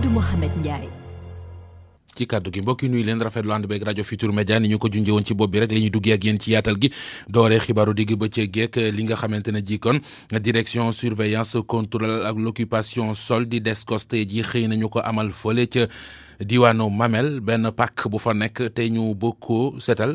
Amadou Mohamed Ndiaye. ci kàddu gi mbokk yi nuyu leen rafetlu ànd beeg rajo Futur Media ni ñu ko junjee ci bopp bi rek li ñu duggee ak ci yaatal gi dooree xibaaru digg bëccëg geek eh, li nga xamante ne ji kon direction surveillance contrôle ak l' occupation sol di DSCOS ji xëy nañu ko amal fële ca. diwaanu mameel benn pàkk bu fa nekk tey ñu bëgg koo seetal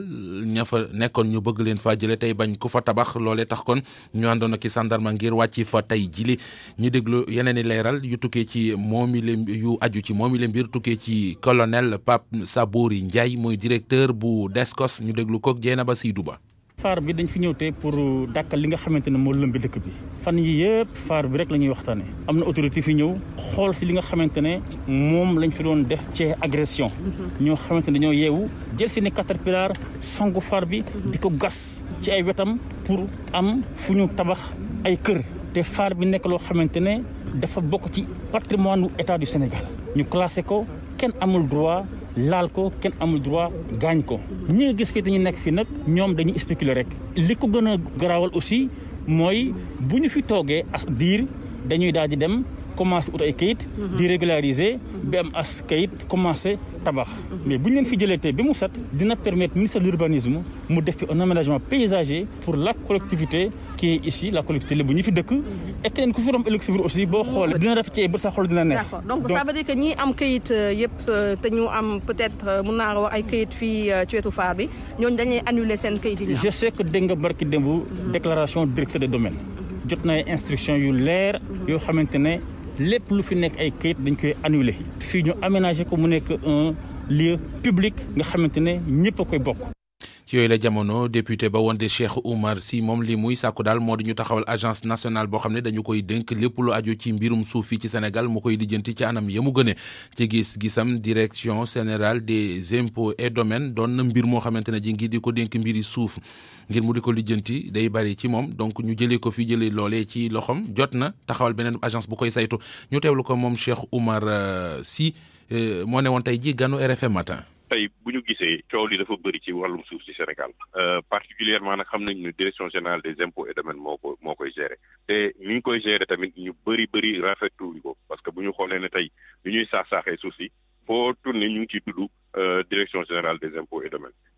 ña fa nekkoon ñu bëgg leen faa jële tey bañ ku fa tabax loolee tax kon ñu àndoon ki i ngir wàcc fa tey jili ñu déglu yeneen i leeral yu tukkee ci moomi le yu aju ci moomi le mbir tukkee ci colonel Pape Sabouri Ndiaye mooy directeur bu Descos ñu déglu koog Dieynaba Seydou Ba faar bi dañ fi ñëw tey pour dàkkal li nga xamante ne moo lëmbi dëkk bi fan yi yëpp faar bi rek la ñuy waxtaane am na autorité fi ñëw xool si li nga xamante ne moom lañ fi doon def ci agression ñoo xamante ne ñoo yeewu jël seeni caterpillar sangu faar bi di ko gas ci ay wetam pour am fu ñu tabax ay kër te faar bi nekk loo xamante ne dafa bokk ci patrimoine u état du Sénégal ñu classé ko kenn amul droit laal ko kenn amul droit gaañ ko ñi nga gis fi dañu nekk fii nag ñoom dañuy spéculer rek li ko gën a garaawal aussi mooy bu ñu fi toogee as diir dañuy daal di dem commencé ut ay kayit. di régulariser. bi am as kayit commencé tabax. mais bu ñu leen fi jëlee bi mu set dina permettre ministère de l'urbanisme mu def fi un aménagement paysager pour la collectivité qui est ici la collectivité bu ñu fi dëkk. et keneen ku fi romb aussi boo xoolee. dina rafetee ba sa xol dina neex. d'accord donc ça veut dire que ñi am kayit euh, yëpp euh, te ñu am peut-être euh, mun naa wax ay kayit fii ci wetu faar bi ñooñu dañuy annuler seen kayit yi. je sais que dégg nga barki démb mhm. déclaration directeur de domaine. Mhm. jot na instruction yu leer mhm. yoo xamante ne. Les plus fi nekk ay kayit annulé aménagé comme un lieu public nga ne ñëpp ci yooyu la jamono député ba woon de Cheikh Oumar si moom li muy sàkku daal moo di ñu taxawal agence nationale boo xam ne dañu koy dénk lépp lu aju ci mbirum suuf fii ci Sénégal mu koy lijjanti ci anam ya gëne ci gis-gisam direction générale des impôts et domaines doon na mbir moo xamante ne ji ngi di ko dénk mbiri suuf ngir mu di ko lijjanti day bari ci moom donc ñu jëlee ko fi jëlee loolee ci loxom jot na taxawal beneen agence bu koy saytu ñu teewlu ko moom Cheikh Oumar euh, si euh, moo ne woon tey ji ganu RFM matin tey bu ñu gisee coow li dafa bëri ci wàllum suuf ci Sénégal euh, particulièrement nag xam nañ ne direction générale des impôts et domaines moo ko moo koy gérer te ni ngi koy gérer tamit ñu bëri bëri rafetlu ko parce que bu ñu xoolee ne tey lu ñuy saax saaxee suuf si foo tourné ñu ngi ciy tudd euh, direction générale des impôts et domaines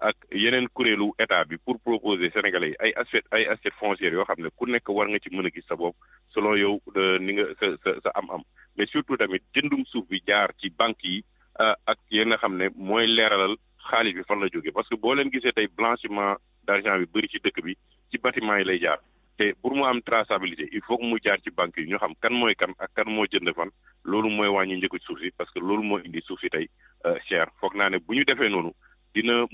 ak yeneen kuréelu état bi pour proposer sénégalais yi ay assiette ay assiette foncière yoo xam ne ku nekk war nga ci mën a gis sa bopp selon yow ni nga sa sa am-am mais surtout tamit jëndum suuf bi jaar ci banque yi euh, ak yenn nga xam ne mooy leeralal xaalis bi fan la jóge parce que boo leen gisee tey blanchiment d'argent bi bëri ci dëkk bi ci bâtiment yi lay jaar te pour mu am traçabilité il faut mu jaar ci banque yi ñu xam kan mooy kan ak kan moo jënd fan loolu mooy wàññi njëkku suuf si parce que loolu moo indi suuf tey euh, cher foog naa ne bu ñu defee noonu dina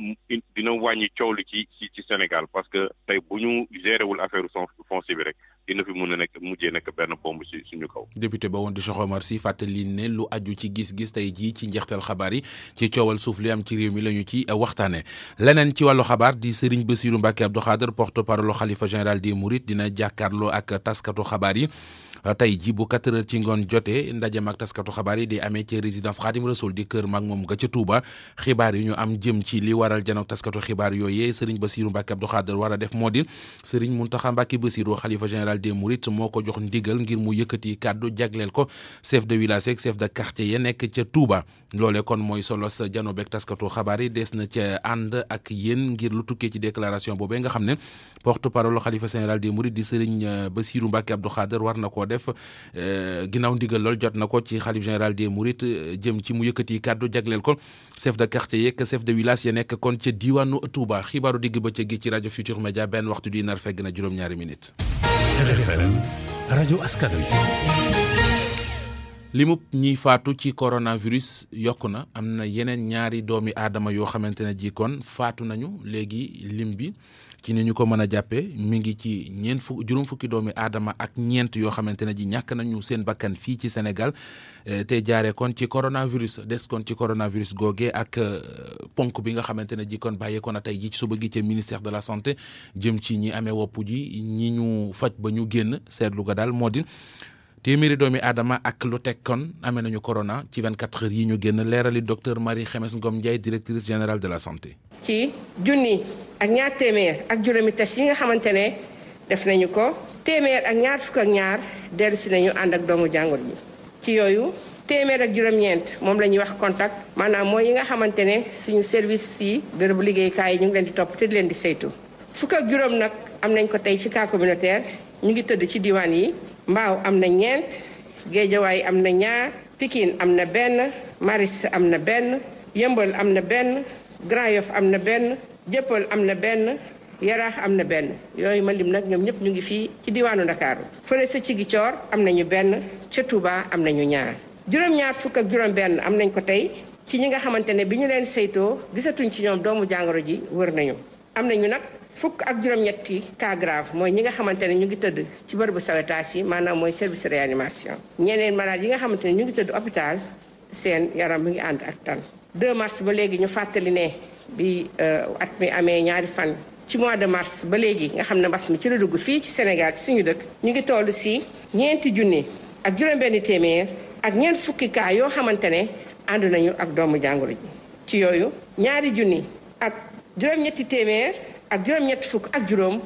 dina wàññi coow li ci ci ci Sénégal parce que tey bu ñu géré wul affaire foncier bi rek dina fi mun a nekk mujjee nekk benn bomb si suñu kaw. député ba woon di Cheikh Omar Sy fàttali ne lu aju ci gis-gis tey jii ci njeextal xabaar yi ci coowal suuf li am ci réew mi lañu ci eh, waxtaanee leneen ci wàllu xabaar di Serigne Bassirou Mbacké Abdou Khadre porte-parole xalifa général des Mourides dina jàkkaarloo ak taskatu xabaar yi. Euh, tey ji bu 4 heures ci ngoon jotee ndaje mag taskatu xabaar yi di amee ci résidence Xaadim Rasul di kër mag moom nga ca Touba xibaar yi ñu am jëm ci li waral janook taskatu xibaar yooyee Serigne Bassirou Mbacke Abdou Khader war wara def moo di Serigne Mountakha Mbacke Bassirou xalifa général des Mourides moo ko jox ndigal ngir mu yëkkati kàddu jagleel ko chef de village ak chef de quartier ya nekk ca Touba kon mooy solo sa jano beeg taskatu xabaar yi des na ca ànd ak yéen ngir lu tukkee ci déclaration boobee nga xam ne porte parole xalifa général des Mourides di Serigne Bassirou Mbacke Abdou Khader war na ko def euh, ginnaaw ndigal lool jot na ko ci xalif général di Mourides euh, jëm ci mu yëkkati kàddu jagleel ko chef de quartier yeeg chef de village ya nekk kon ca diwaanu Touba xibaaru digg bëccëg gi ci rajo Futur Média benn waxtu di nar fegg na juróom-ñaari minutes. RFM rajo askan wi. limub ñiy faatu ci coronavirus yokk na am na yeneen ñaari doomi aadama yoo xamante ne ji kon faatu nañu léegi lim bi ci ni ñu ko mën a jàppee mi ngi ci ñeent fukk juróom fukki doomi aadama ak ñeent yoo xamante ne ji ñàkk nañu seen bakkan fii ci Sénégal eh, te jaaree kon ci coronavirus des kon ci coronavirus googee ak euh, ponk bi nga xamante ne ji kon bàyyeekoon na tey ji ci suba gi ca ministère de la santé jëm ci ñi amee wopp ji ñi ñu faj ba ñu génn seetlu daal moo di téeméeri doomi aadama ak lu teg kon amee nañu corona ci 24 heures yi ñu génn leerali docteur Marie Khemesse Ngom Ndiaye directrice générale de la santé. ci junni ak ñaar téeméer ak juróomi test yi nga xamante ne def nañu ko téeméer ak ñaar fukk ak ñaar dellu si nañu ànd ak doomu jàngor ji ci yooyu téeméer ak juróom-ñeent moom la ñuy wax contact maanaam mooy yi nga xamante ne suñu service yi bérébu liggéeykaay yi ñu ngi leen di topp te di leen di saytu fukk ak juróom nag am nañ ko tey ci cas ñu ngi tëdd ci diwaan yi. mbaaw am na ñeent géejawaay am na ñaar pikin am na benn maris am na benn yëmbal am na benn Grand Yoff am na benn jëppal am na benn yaraax am na benn yooyu ma lim nag ñoom ñëpp ñu ngi fii ci diwaanu ndakaaru fële sa ci Ziguinchor am ñu benn ca Touba am nañu ñaar juróom-ñaar fukk ak juróom-benn am nañ ko tey ci ñi nga xamante ne bi ñu leen saytoo gisatuñ ci ñoom doomu jàngoro ji wër nañu am nañu nag Fuk ak juróom-ñetti cas grave mooy ñi nga xamante ne ñu ngi tëdd ci bërëbu sawetaas yi maanaam mooy service réanimation ñeneen malade yi nga xamante ne ñu ngi tëdd hôpital seen yaram mi ngi ànd ak tan 2 mars ba léegi ñu fàttali ne bi euh, at mi amee ñaari fan ci mois de mars ba léegi nga xam ne mbas mi ci la dugg fii ci Sénégal ci suñu dëkk ñu ngi toll si ñeenti junni ak juróom-benn téeméer ak ñeent fukki cas yoo xamante ne ànd nañu ak doomu jàngoro ji ci yooyu ñaari junni ak juróom-ñetti téeméer ak juróom-ñetti fukk ak juróom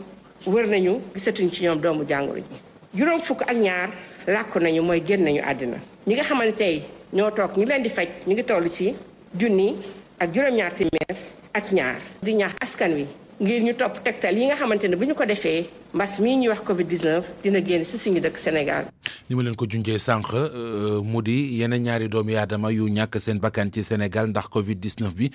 wër nañu gisatuñ ci ñoom doomu jàngoro ji juróom fukk ak ñaar làkku nañu mooy génn nañu àddina ñi nga xamante tey ñoo toog ñi leen di faj ñu ngi tollu ci junni ak juróom-ñaar téeméer ak ñaar di ñaax askan wi ngir ñu topp tegtal yi nga xamante ne bu ñu ko defee mbas mii ñuy wax Covid 19 dina génn si suñu dëkk Sénégal. ni ma leen ko junjee sànq euh, mu di yeneen ñaari doomi yaadama yu ñàkk seen bakkan ci Sénégal ndax Covid 19 bi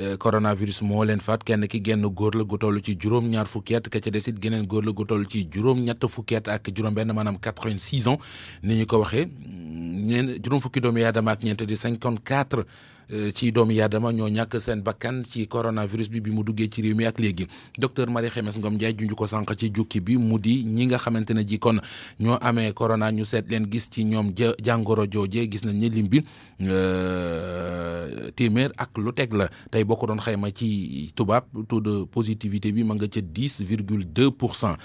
euh, coronavirus moo leen faat kenn ki genn góor la gu toll ci juróom-ñaar fukki at ka desit geneen góor la gu toll ci juróom-ñett fukki ak juróom-benn maanaam 86 ans ni ñu ko waxee ñeen juróom fukki doomi aadama ak ñeent di 54. Euh, ci doomu yaadama ñoo ñàkk seen bakkan ci coronavirus bi bi mu duggee ci réew mi ak léegi docteur Marie Xemes ngoom Ndiaye junj ko sànq ci jukki bi mu di ñi nga xamante ne ji kon ñoo amee corona ñu seet leen gis ci ñoom ja jàngoro jooje gis nañ ne lim bi euh, téeméer ak lu teg la tey bokk doon doon ma ci tubaab taux de positivité bi ma nga ca dix virgule deux pour cent.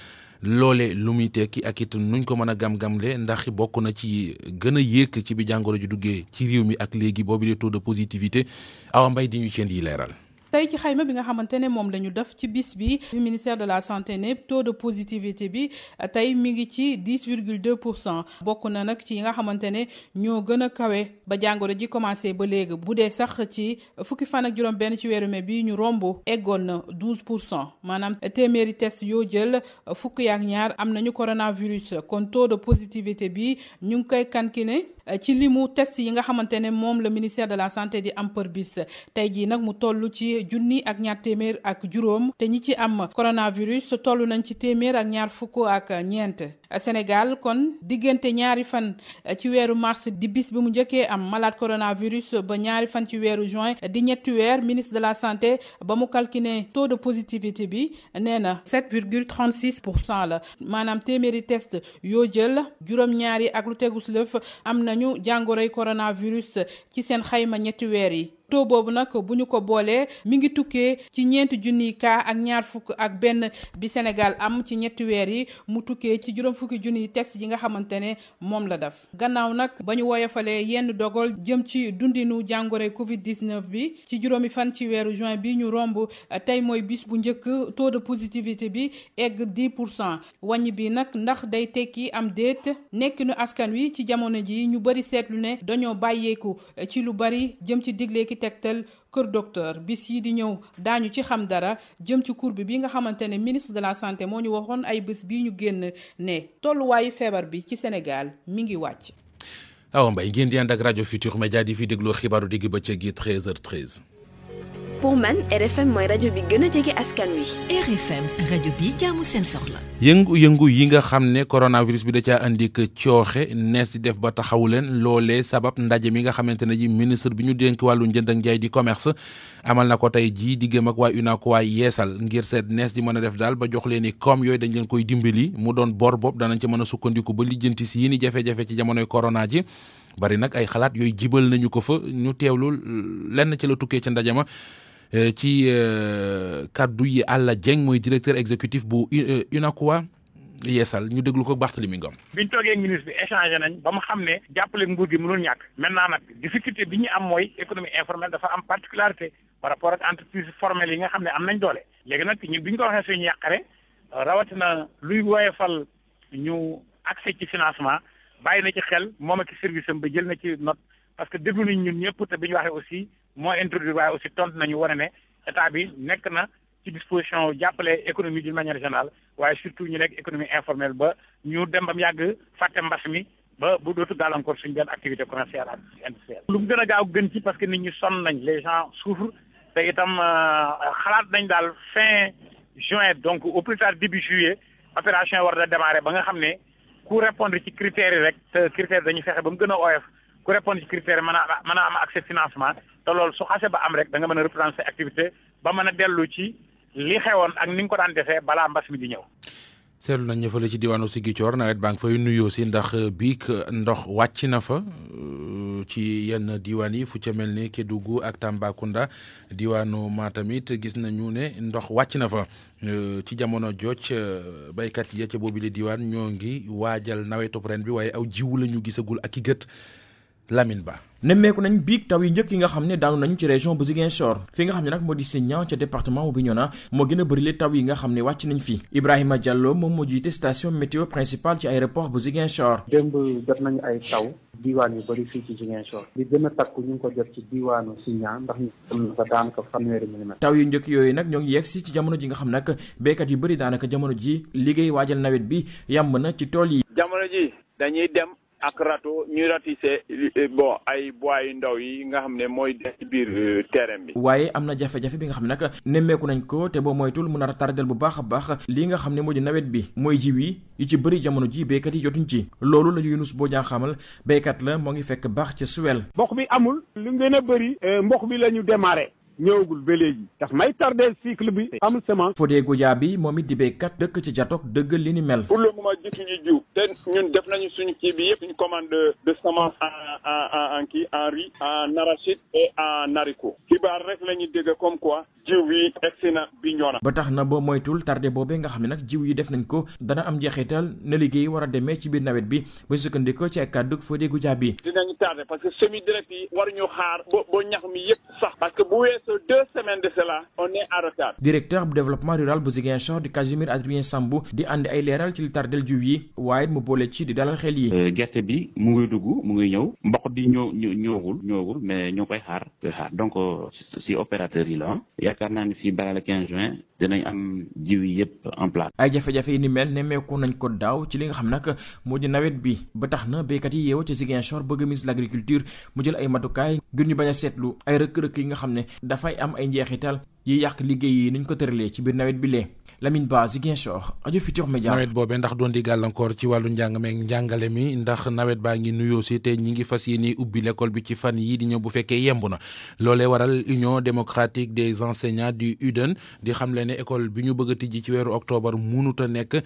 loole lu muy tekki ak it ñu ko mën a gam-gamle gam ndax bokk na ci gën a yéeg ci bi jàngoro ji duggee ci riw mi ak léegi boobu de taux de positivité Awa mbay di ñu ceen yi leeral tey ci xayma bi nga xamante ne moom lañu ñu def ci bis bi ministère de la santé ne taux de positivité bi tey mi ngi ci dix virgule deux pour cent bokk na nag ci yi nga xamante ne ñoo gën a kawe ba jàngoro ji commencé ba léegi bu dee sax ci fukki fan ak juróom benn ci weeru mai bi ñu romb eggoon na douze pour cent maanaam téeméeri test yoo jël fukki ak ñaar am nañu coronavirus kon taux de positivité bi ñu ngi koy kankine ci limu test yi nga xamante ne moom la ministère de la santé di am par bis tey jii nag mu tollu ci junni ak ñaar téeméer ak juróom te ñi ci am coronavirus toll nañ ci téeméer ak ñaar fukk ak ñeent. Sénégal kon diggante ñaari fan eh, ci weeru mars di bis bi mu njëkkee am malade coronavirus ba ñaari fan ci weeru juin di ñetti weer ministre de la santé ba mu calculer taux de positivité bi nee na virgule pour cent la maanaam téeméeri test yoo jël juróom-ñaari ak lu tegus lëf am nañu jàngoroy coronavirus ci seen xayma ñetti weer yi taux boobu nag bu ñu ko boolee mi ngi tukkee ci ñeenti cas ak ñaar fukk ak benn bi Sénégal am ci ñetti weer yi mu tukkee ci test yi nga xamante ne moom la def gannaaw nag ba ñu woyofalee yenn jëm ci dundinu jàngore Covid 19 bi ci juróomi fan ci weeru juin bi ñu bis bu njëkk taux de positivité bi egg 10 pour cent Wanibinak, bi nag ndax day tekki am déet nekkinu askan wi ci jamono ji ñu dañoo ci lu bari jëm ci Tektal Kër Docteur bis yi di ñëw daañu ci xam dara jëm ci courbe bi nga xamante ne ministre de la santé moo ñu waxoon ay bés bii ñu génn ne tolluwaayu feebar bi ci Sénégal mi ngi wàcc. Awa Mbaye ngeen di ànd ak rajo Futur Média di fi déglu xibaaru digg bëccëg yi 13h13. pour man RFM mooy rajo bi gën seen soxla. yëngu-yëngu yi nga xam ne coronavirus bi da caa andi cooxe nees di def ba taxawu leen loolee sabab ndaje mi nga xamante ne ji ministre bi ñu dénk wàllu njënd ak njaay di commerce amal na ko tey jii di gëm ak waa UNACOIS waa yeesal ngir seet nes di mën a def daal ba jox leen ni koom yooyu dañ leen koy dimbali mu doon boor bopp danañ ci mën a sukkandiku ba lijjanti si yi ni jafe-jafe ci jamonoy corona ji. bari nag ay xalaat yooyu jibal nañu ko fa ñu teewlu lenn ci la tukkee ca ndaje ma Euh, ci euh, kaddu yi Alla Dieng mooy directeur exécutif bu euh, UNACOIS yeesal ñu déglu ko Barthélemy Ngom bi ñu toogee ministre bi échangé nañ ba mu xam ne jàppale nguur gi mënul ñàkk maintenant nag difficulté bi ñu am mooy économie informelle dafa am particularité par rapport ak entreprise formelle yi nga xam ne am nañ doole léegi nag ñun bi ñu ko waxee suñu yàqare rawatina luy woyefal ñu accès ci financement bàyyi na ci xel moom ak service am ba jël na ci note parce que déglu nañ ñun ñëpp te bi ñu waxee aussi moo introduire waaye aussi tont nañu wane ne état bi nekk na ci disposition jàppale économie d'une manière générale waaye surtout ñu nekk économie informelle ba ñu dem bam yàgg fàtte mbas mi ba bu dootu gàllankoor suñu benn activité commerciale ak industrielle. lu mu gën a gaaw gën ci parce que nit ñi sonn nañ les gens souffrent te itam euh, xalaat nañ daal fin juin donc au plus tard début juillet opération war da démarrer ba nga xam ne ku répondre ci critères yi rek te critères dañu fexe ba mu gën a oyof ku répondre ci critère mën a mën a am accès financement te loolu su xase ba am rek da nga mën a reprendre sa activité ba mën a dellu ci li xewoon ak ni nga ko daan defee balaa mbas mi di ñëw seetlu nañ ñëfale ci diwaanu Sigicoor nawet baa ngi fay nuyoo si ndax biik ndox wàcc na fa euh, ci yenn diwaan yi fu ca mel ni Kédougou ak Tambacounda diwaanu ma gis nañu ne ndox wàcc na fa euh, ci jamono jooj euh, baykat ya ca boobi li diwaan ñoo ngi waajal nawetub ren bi waaye aw jiwu la ñu gisagul ak i gët Lamine Ba. nemmeeku nañ biig taw yi njëkk yi nga xam ne daanu nañu ci région bu Ziguinchor fi nga xam ne nag moo di Sénian ca département bu Bignona moo gën a bëri le taw yi nga xam ne wàcc nañ fi Ibrahima Diallo moom moo jiite station météo principale ci aéroport bu Ziguinchor. démb jot nañu ay taw diiwaan yu bëri fii ci Ziguinchor li gën a takku ñu ngi ko jot ci diiwaanu Sénian ndax ñu am fa daanaka fanweeri milimètre taw yu njëkk yooyu nag ñoo ngi yegg ci jamono ji nga xam na ci tool yi jamono ji dañuy ak râteau ñu ratissé euh, bon ay bois ndaw yi nga xam ne mooy ci biir euh, terrain bi. waaye am na jafe-jafe bi nga xam ne nag nemmeeku nañ ko te boo moytul mun a tardel bu baax a baax lii nga xam ne moo di nawet bi mooy jiw yi yu ci bëri jamono ji béykat yi jotuñ ci loolu la Yunus boo jaa xamal béykat la moo ngi fekk baax ca Suwel. mboq bi amul lu gën a bëri. Euh, mboq bi la ñu ñëwagul ba léegi daf may tardé cycle bi amul semence. Fodé Goudiaby moom it di béykat dëkk ci Jatog dëgg li ni mel. pour le moment gisuñu jiw te ñun def nañu suñu kii bi yëpp suñu commande de semence en en en kii en riz en arachide et en haricot. xibaar rek la ñuy dégg comme quoi jiw bi egsi na bi ñoo na. ba tax na boo moytul tardé boobee nga xam ne nag jiw yi def nañ ko dana am jeexital na liggéey war a demee ci biir nawet bi ba sukkandikoo ci ay kàddu Fodé Goudiaby. dinañ tardé deux semaines de cela on est en bu développement rural bu Ziguinchor di Casimir Adrien Sambou di àndi ay leeral ci li tardel jiw yi waaye mu boole ci di dalal xel yi. Euh, gerte bi mu ngi dugg mu ngi ñëw mboq di ñëw ñëwul ñëwul mais ñoo koy xaar xaar donc euh, si opérateur yi la ah. yaakaar naa ni fi balaa le 15 juin dinañ am jiw yi yëpp en place. ay jafe-jafe yi ni mel nemmeeku nañ ko daaw ci li nga xam nag moo di nawet bi ba tax na béykat yi yeewoo ci Ziguinchor bëgg ministre ay matukaay yi nga xam dafay am ay njeexital yiy yàq liggéeyi yi niñ ko tëralee ci biir nawet bi lee Lamine Ba Ziguinchor rajo Futur Média. nawet boobee ndax doon di gàllankoor ci wàllu njàng meeg njàngale mi ndax nawet baa ngi nuyoo si te ñi ngi fas yéene ubbi l'école bi ci fan yii di ñëw bu fekkee yemb na loolee waral Union démocratique des enseignants du UDEN di xamle ne école bi ñu bëgg a tijji ci weeru octobre mënut a nekk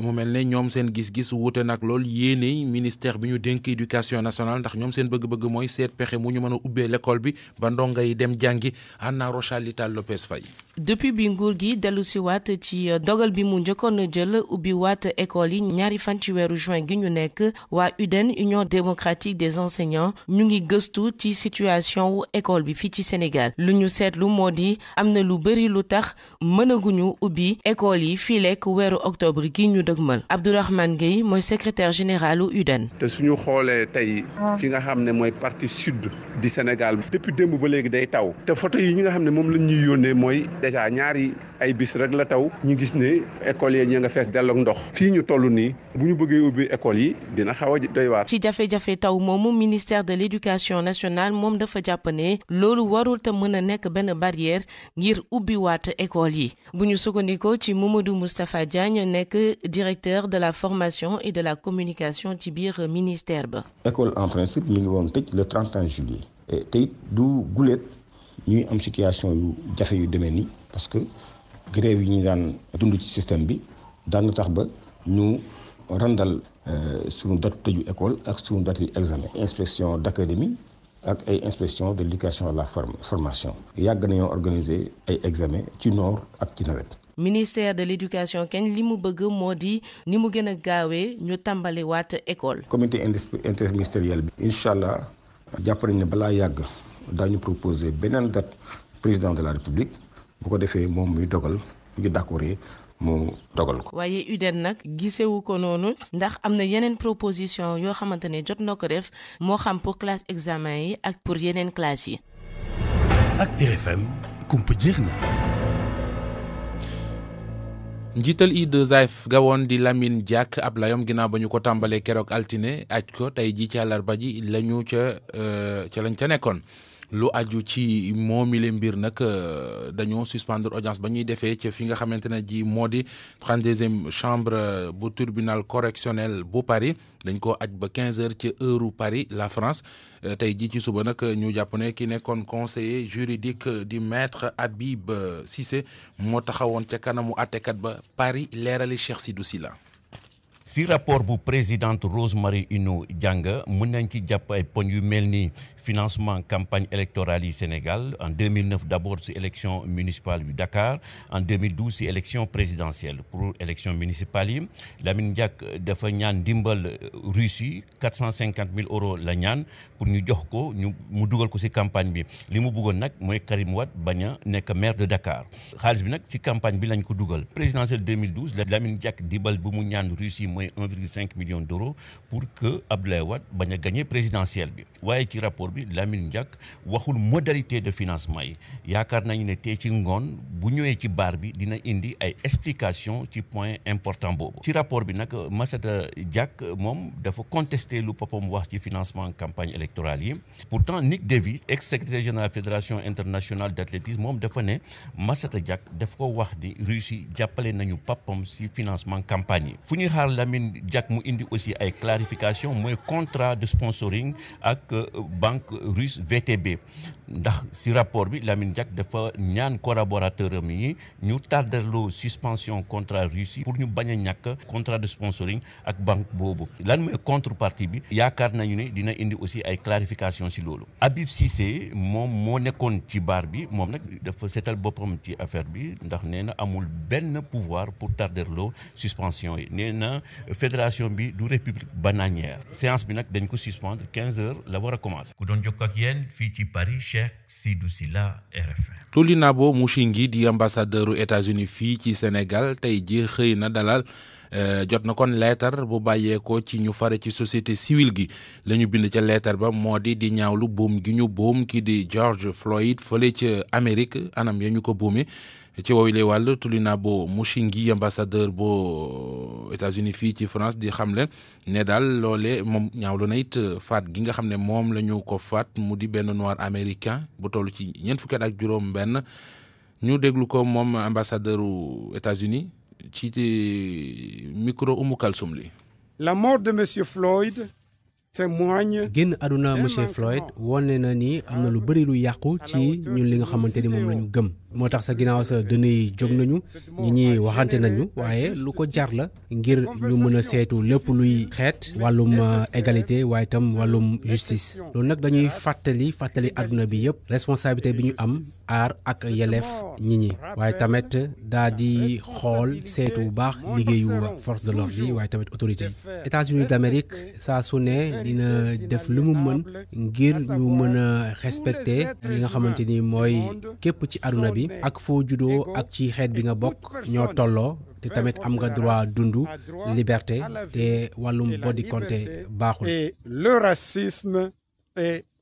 mu mel ne ñoom seen gis-gis wuute nag lool yéene ministère bi ñu dénk éducation nationale ndax ñoom seen bëgg-bëgg mooy seet pexe mu ñu mën a ubbee l'école bi ba ndongo yi dem jàngi Anna Rochal Lopez Faye depuis bi nguur gi dellu si waat ci euh, dogal bi mu njëkkoon jël ubbi waat école yi ñaari fan weeru juin gi ñu nekk waa UDEN Union démocratique des enseignants ñu ngi gëstu ci situation wu école bi fii ci Sénégal lu ñu seetlu moo di am na lu bëri lu tax mënaguñu ubbi école yi fii lekk weeru octobre gi ñu dëgmal Abdourahmane Gueye mooy secrétaire général u UDEN. te suñu xoolee tey fi nga xam ne mooy partie sud du Sénégal depuis démb ba léegi day taw te photo yi nga xam mooy dèjà ñaari ay bis rek la taw ñu gis ne école yi ña nga fees delloog ndox fii ñu toll nii bu ñu bëggee ubbi école yi dina xaw a doy waar. ci jafe-jafe taw moomu ministère de l' éducation nationale moom dafa jàpp ne loolu warul te mën a nekk benn barrière ngir ubbiwaat école yi bu ñu sukkandikoo ci Mamadou Moustapha Diagne nekk directeur de la formation et de la communication ci biir ministère ba. école en principe mi ngi woon tëj le 31 juillet. te it du guléet ñuy am situation yu jafe yu demee nii parce que grève yi ñu daan dund ci système bi daan tax ba ñu randal euh, suñu datu tëju école ak suñu datu examen. inspection d'académie ak ay inspection de l'éducation à la formation. yàgg nañoo organiser ay examen ci noor ak ci nawet. ministère de l'éducation kenn li mu bëgg moo di ni mu gën a gaawee ñu waat école. comité interministériel bi. incha allah jàpp nañ ne balaa yàgg. daañu proposer beneen date président de la république bu ko defee moom muy dogal ngi d'accordé mu dogal ko. waaye UDEN nag gisewu ko noonu ndax am na yeneen proposition yoo xamante ne jot na ko def moo xam pour classe examen yi ak pour yeneen classe yi. ak RFM kumpa njiital I2AF gawoon di Lamine Diack ab layoom ginnaaw ba ñu ko tàmbalee keroog altine aj ko tey jii ci àllarba ji la ñu ca euh, ca lañ ca nekkoon. lu aju ci moomile mbir nag euh, dañoo suspendre audience ba ñuy defee ci fi nga xamante ne ji moo di chambre euh, bu tribunal correctionnel bu Paris dañ ko aj ba quinze heures ci heure Paris la France euh, tey ji ci suba nag ñu jàpp ne ki nekkoon conseiller juridique di maître Habib Cissé moo taxawoon ca kanamu àttekat ba Paris leerali Cheikh Sidou si rapport bu présidente Rosemary Inou Dianga mën nañ ci japp ay poñ yu melni financement campagne électorale au Sénégal en 2009 d'abord sur élection municipale du Dakar en 2012 sur élection présidentielle pour élection municipale la Lamine Diak dafa ñaan la Russie 450 000 euros la pour ñu jox ko ñu mu ko campagne bi limu bëggon nak moy Karim Wade maire de Dakar xaalis bi nak ci campagne bi lañ ko présidentielle 2012 Lamine Diak dibal bu mu ñaan Russie 1,5 million d'euros pour que Abdoulaye Wade gagne a gagné présidentielle bi ce rapport bi Lamine Diack waxul modalité de financement yi yaakaar nañu ne tey ci ngoon bu ñëwee ci baar dina indi ay explication ci point important Ce ci rapport bi que Massata Diak de dafa contester lu papam wax ci financement campagne électorale pourtant Nick Davis, ex-secrétaire général de la fédération internationale d'athlétisme dit dafa ne Massata Jack daf ko wax ni Russie jàppale nañu papam si financement campagne yi fu ñuy Jack Diack aussi ay clarification moy contrat de sponsoring ak euh, banque russe VTB ndax si rapport bi Lamine diak dafa ñaan collaborateur am yi ñu la suspension contrat Russie pour ñu bañ a ñàkk contrat de sponsoring ak banque boobu lan mooy contrepartie bi yaakaar nañu ne dina indi aussi ay clarification si loolu abib Cissé moom moo nekkoon ci baar bi moom nag dafa seetal boppam ci affaire bi ndax nee na amul benn pouvoir pour la suspension yi nee na fédération bi du république bananière séance bi nag dañ ko suspendre 15 heures la war a ku doon jokk ak yéen fii ci Paris Sheikh Sidou Sylla RFM Tulinabo Mushingi di ambassadeuru États-Unis fii ci Sénégal tey ji xëy na dalal eh, jot na kon leetar bu bàyyeeko ci ñu fare ci société civile gi lañu bind ca leetar ba moo di di ñaawlu boom gi ñu boom ki di George Floyd fële ci Amérique anam ya ñu ko boomee ci woowu lay wàll mouchi ngi ambassadeur bo États-Unis fii ci France di xamle ne daal loolee moom ñaawlu na it faat gi nga xam ne moom la ñu ko faat mu di benn noir américain bu toll ci ñeent fukkat ak juróom-benn ñu déglu ko moom ambassadeur u États-Unis ci micro Umu Kalsum li la mort de monsieur Floyd. génn aduna monsieur Floyd wone na ni am na lu bëri lu yàqu ci ñun li nga xamante ni moom la gëm moo tax sa ginnaaw sa dënn yi jóg nañu ñi ñi waxante nañu waaye lu ko jar la ngir ñu mën a seetu lépp luy xeet wàllum euh, égalité waaye itam wàllum justice loolu nag dañuy fàttali fàttali àdduna bi yëpp responsabilité bi ñu am aar ak yelef ñi ñi waaye tamit daa di xool seetu bu baax liggéeyu force de l'ordre yi waaye tamit autorité États-Unis d'Amérique saa su ne dina def lu mu mën ngir ñu mën a respecter li nga xamante ni mooy képp ci àdduna bi Ak fo judo a chi èt ben a babok nò tolò de tamèt amb ga droit d'ndu liberè de wall lo pòdi conte bar Lo racisme.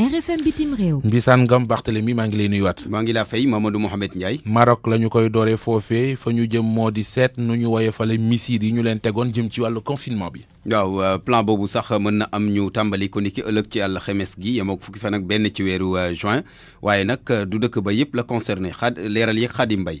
RFM bitim réew. Mbisaan Ngom Barthélemy maa ngi lay nuyuwaat. maa ngi fay Mamadou Mohamed Ndiaye. Maroc la ñu koy dooree foofee fa ñu jëm moo di seet nu ñu woye fale missir yi ñu leen tegoon jëm ci wàllu confinement bi. waaw euh, plan boobu sax mën na am ñu tàmbali ko ni ki ëllëg ci àll xemes gi yemoo fukki fan ak benn ci weeru euh, juin waaye nag euh, du dëkk ba yépp la concerné xa leeral yeeg xadim Mbay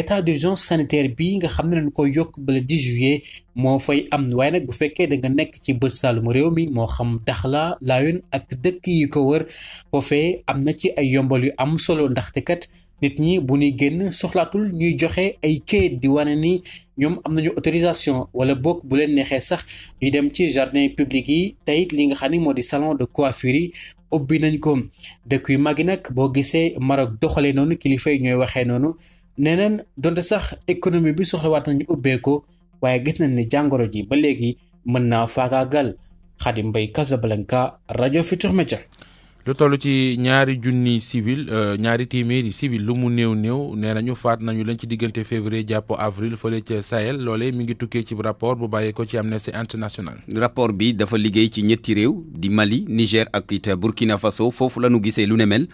état d'urgence sanitaire bi nga xamné ne dañ koy yokk ba le 10 juillet mo fay am way nak bu fekke da nga nek ci bët saalumu rew mi mo xam Daxla Laayun ak dekk yi ko wër fofé amna ci ay yombal yu am solo ndax te kat nit ñi bu ñuy génn soxlaatul ñuy joxe ay kayit di wane ni ñoom am nañu autorisation wala bokk bu leen neexee sax ñu dem ci jardin public yi tayit li nga xam ni moo di salon de coiffure yi ubbi nañ ko dëkk yu mag yi nag boo gisee Maroc doxalee noonu kilifa yi ñooy waxee noonu nee neen donte sax économie bi soxlawaat nañu ubbeeku waaye gis nañ ni jàngoro ji ba léegi mën naa faagaagal Xadim Mbay Casablanca rajo Futurs Médias lu toll ci ñaari junni civil euh, ñaari téeméeri civil lu mu néew néew nee nañu faat nañu leen ci diggante février jàpp avril fële ca Sahel loolee mi ngi tukkee ci rapport bu bàyyee ko ci Amnesty International rapport bi dafa liggéey ci ñetti réew di Mali Niger ak it Burkina Faso foofu la ñu gisee lu ne mel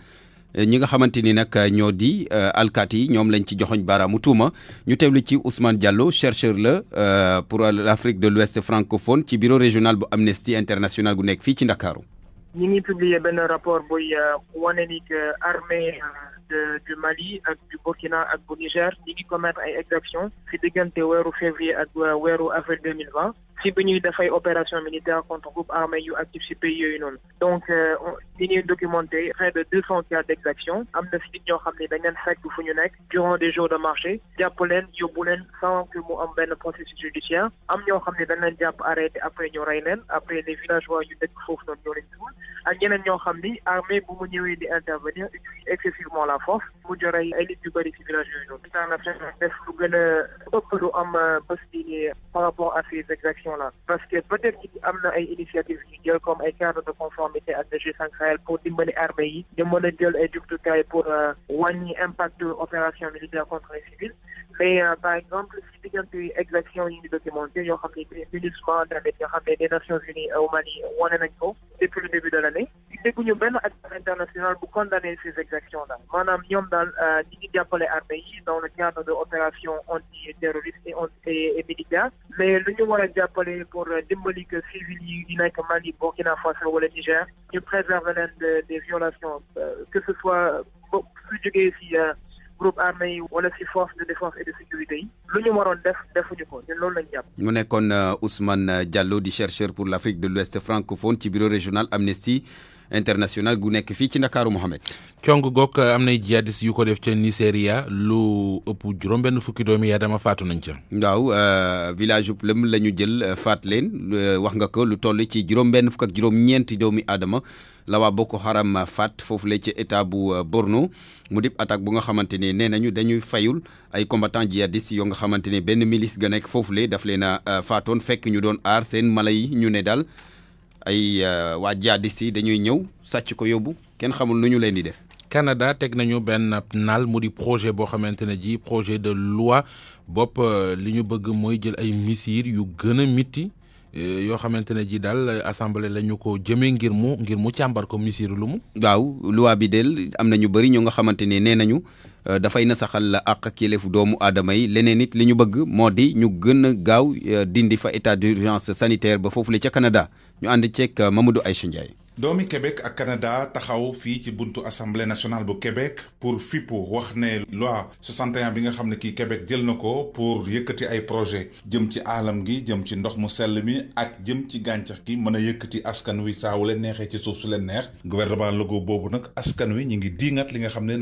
ñi nga xamante ni nag eh, ñoo di eh, alkaat yi ñoom lañ ci joxoñ baaraamu tuuma ñu teewlu ci Ousmane Diallo chercheur la eh, pour l'Afrique de l'Ouest francophone ci bureau régional bu Amnesty International gu nekk fii ci Ndakaaru ñi ngi publier benn rapport buy wane ni que armée de du Mali ak du Burkina ak bu Niger ñi ngi commettre ay exactions ci diggante weeru février ak weeru avril 2020 si bi ñuy dafay opération militaire contre groupe armé yu actif ci pays yooyu noonu donc euh, li ñuy documenté près de deux cent cas d'exactions am na si ñoo xam ne dañ leen fekk fu ñu nekk durant des jours de marché jàpp leen yóbbu leen sans que mu am benn processus judiciaire am ñoo xam ne dañ leen jàpp arrêté après ñu rey leen après les villageois yu dëkk foofu noonu ñoo leen dugal ak ñeneen ñoo xam ni armée bu mu ñëwee di intervenir utilise excessivement la force mu jorey ay nit yu bëri si village yooyu noonu def lu gën a ëpp lu am euh, bés par rapport à ces exactions parce que peut-être qu'il y a une initiative comme un cadre de conformité à dg 5 Sahel pour diminuer l'armée, yi ñu euh, de a pour pour un impact militaire contre les civils mais euh, par exemple si des exactions yi ñu documenté yoo xam des MINUSMA tamit des Nations Unies euh, au Mali ou en depuis le début de l'année. y est dégguñu une à l'international pour condamner ces exactions là maanaam a daal euh, ñi ngi jàppale armée dans le cadre d'opérations anti terroristes et militaires. mais l'Union européenne a pour démolir que civils yi yi Mali Burkina Faso le Niger Ils préservent des violations que ce soit plus jógee ici groupe armé yi wala si force de défense et de sécurité yi lu ñu waroon def defuñu ko ñun loolu lañ jàpp. mu nekkoon euh, Ousmane Diallo di chercheur pour l'Afrique de l'Ouest francophone ci bureau régional Amnesty international gu nekk fii ci ndakaaru Mohamed. cong goog am nay jihadis yu ko def ca Nigeria lu ëpp juróom-benn fukki doomi Aadama faatu nañ ca. waaw euh, village bu lëm la ñu jël euh, faat leen euh, wax nga ko lu toll ci juróom-benn fukk ak juróom-ñeenti doomi Aadama. lawa waa Boko Haram faat foofu la ci état bu Borno mu dib attaque bu nga xamante ne nee nañu dañuy fayul ay combattant jihadistes yoo nga xamante ne benn milice ga nekk foofu la daf leen a faatoon fekk ñu doon aar seen mala yi ñu ne daal. ay euh, waa jihadistes yi dañuy ñëw sàcc ko yóbbu kenn xamul nu ñu leen di def. Canada teg nañu benn naal mu di projet boo xamante ne ji projet de loi bopp euh, li ñu bëgg mooy jël ay missiles yu gën a mitti euh, yoo xamante ne ji daal assemblée la ñu ko jëmee ngir mu ngir mu càmbar ko missiles lu mu. waaw loi bi del am na ñu bëri ñu nga xamante ne nee nañu. Euh, dafay nasaxal la àq kilefu doomu aadama yi leneen it li ñu bëgg moo di ñu gën a gaaw euh, dindi fa état d'urgence sanitaire ba foofu la ca Canada ñu ànd ceeg euh, Mamadou ay Ndiaye doomi Quebec, ak Canada taxaw fi ci buntu assemblée nationale bu Quebec, pour fipu wax ne loi 61 bi nga xam ne kii Québec jël na ko pour yëkkati ay projet jëm ci aalam gi jëm ci ndox mu sell mi ak jëm ci gàncax gi mën a yëkkati askan wi saa wu leen neexee ci suuf su leen neex gouvernement logo boobu nag askan wi ñu ngi diingat li nga xam ne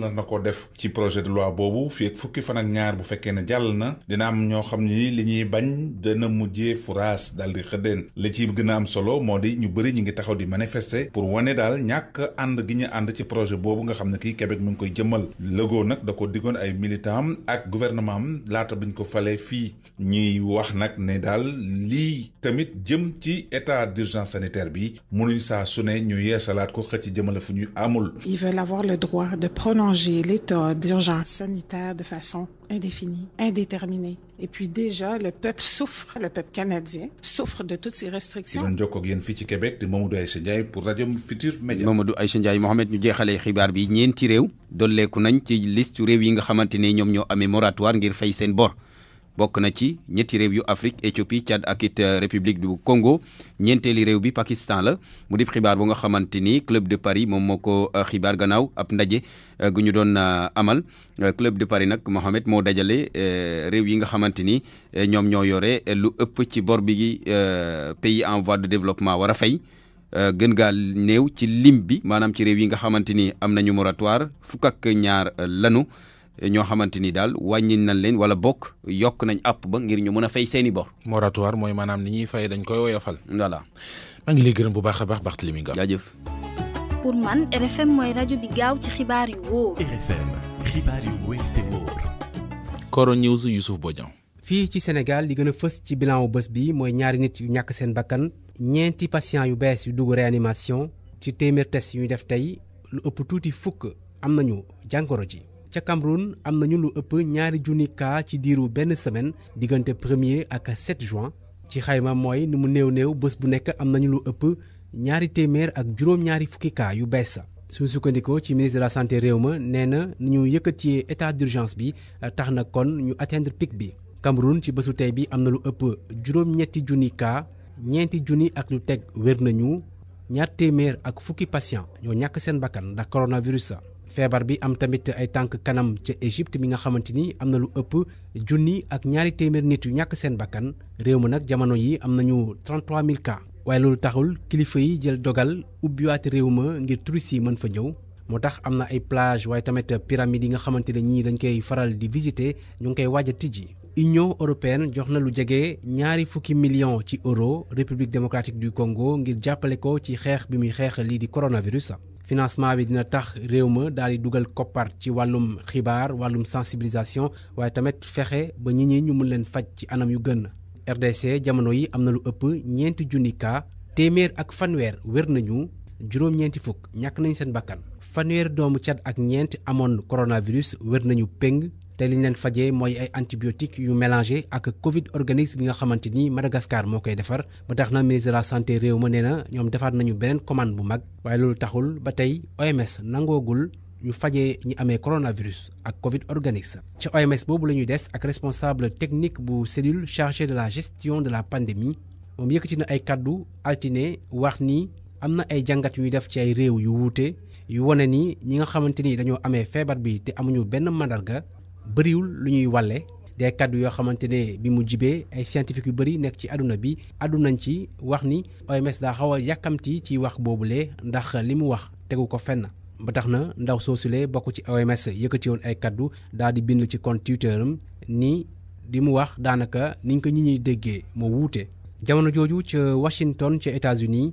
def ci projet de loi boobu fii ak fukki fan ak ñaar bu fekkee ne jàll na dina am ñoo xam ni li ñuy bañ dana mujjee furaas dal di xëddeen li ci gën a am solo moo di ñu bëri ñu ngi taxaw di manifester pour wone daal ñàkk ànd gi ñu ànd ci projet boobu nga xam ne kii Québec mu ngi koy jëmmal lëgoo nag da ko diggoon ay militant am ak gouvernement am laata biñ ko falee fii ñuy wax nag ne daal lii tamit jëm ci état d'urgence sanitaire bi mënuñ saa su ne ñu yeesalaat ko xëcc jëmale fu ñu amul. Ils veulent avoir le droit de prolonger l'état d'urgence sanitaire de façon indéfinie, indéterminée. Et puis déjà, le peuple souffre, le peuple canadien souffre de toutes ces restrictions. Mamadou Aïssa Ndiaye pour rajo Futur Média. Mamadou Aïssa Ndiaye Mohamed ñu jéxalé xibaar bi ñeenti réew dolleeku nañ ci liste réew yi nga xamante ne ñoom ñoo amé moratoire ngir fay seen bor. bokk na ci ñetti réew yu Afrique Éthiopie Tchad akit euh, république du Congo ñeenteeli réew bi Pakistan la mu dib xibaar bu nga xamante ni club de Paris moom moo ko euh, xibaar gannaaw ab ndaje euh, gu ñu doon amal club de Paris nag Mohamed moo dajale réew yi nga xamante ni ñoom ñoo yore lu ëpp ci bor bi pays en voie de développement war a fay gën gaa néew ci lim bi maanaam ci réew yi nga xamante ni am nañu moratoire fukk ak ñaar lanu. ñoo xamante ni daal wàññi nañ leen wala bokk yokk nañ app ba ngir ñu mën fay moratoire mooy maanaam ni ñuy fay dañ koy woyofal. voilà. maa ngi lay gërëm bu baax a baax nga pour man RFM mooy rajo bi gaaw ci xibaar yu RFM xibaar yu wóor te News Youssouf fii ci Sénégal li gën a ci bilan bi mooy ñaari nit yu seen bakkan ñeenti patient yu bees yu dugg réanimation ci téeméer test yu ñu def lu fukk am nañu ca Cameroun am nañu lu ëpp ñaari junni cas ci diiru semaine 1 premier ak 7 juin ci xayma mooy ni mu néew néew bés bu nekk am nañu lu ëpp ñaari téeméer ak juróom-ñaari fukki cas yu bees suñu sukkandikoo ci ministre de la santé réew ma nee na ñu état d'urgence bi tax na kon ñu atteindre pic bi Cameroun ci bésu tey bi am na lu ëpp juróom-ñetti junni cas ñeenti junni ak lu teg wér nañu ñaar téeméer ak fukki patient ñoo ñàkk seen bakkan ndax coronavirus feebar bi am tamit ay tànk kanam ca Égypte mi nga xamante ni am na lu ëpp junni ak ñaari téeméer nit yu ñàkk seen bàkkan réew ma nag jamono yi am nañu 33000 cas waaye loolu taxul kilifa yi jël dogal ubbiwaat réew ma ngir touristes yi mën fa ñëw moo tax am na ay plage waaye tamit pyramides yi nga xamante ne ñii dañ koy faral di visiter ñu ngi koy waaja a tijji. Union européenne jox na lu jege ñaari fukki million ci euro République démocratique du Congo ngir jàppale ko ci xeex bi muy xeex lii di coronavirus. financement bi dina tax réew ma daal di dugal koppar ci wàllum xibaar wàllum sensibilisation waaye tamit fexe ba ñi ñi ñu mun leen faj ci anam yu gën RDC jamono yi am na lu ëpp ñeenti junni cas téeméer ak fanweer wér nañu juróom-ñeenti fukk ñàkk nañ seen bakkan fanweer doomu cat ak ñeenti amoon coronavirus wér nañu peng te li ñu leen fajee mooy ay antibiotiques yu mélangé ak Covid organisme bi nga xamante ni Madagascar moo koy defar ba tax na ministre de la santé réew ma nee na ñoom defaat nañu beneen commande bu mag waaye loolu taxul ba tey OMS nangoogul ñu fajee ñi amee coronavirus ak Covid organisme. ci OMS boobu la ñuy des ak responsable technique bu cellule chargée de la gestion de la pandémie moom yëkkati na ay kàddu altine wax ni am na ay jàngat yuy def ci ay réew yu wuute yu wane ni ñi nga xamante ni dañoo amee feebar bi te amuñu benn mandarga bëriwul lu ñuy wàlle des kàddu yoo xamante ne bi mu jibee ay scientifique yu bëri nekk ci àdduna bi àddunañ ci wax ni OMS daa xaw a yàkkamti ci wax boobu lee ndax li mu wax tegu ko fenn ba tax na ndaw soosule bokk ci OMS yëkkati woon ay kàddu daal di bind ci compte Twitter am ni di mu wax daanaka niñ ko ñi ñuy déggee moo wuute. jamono jooju ca Washington ca États-Unis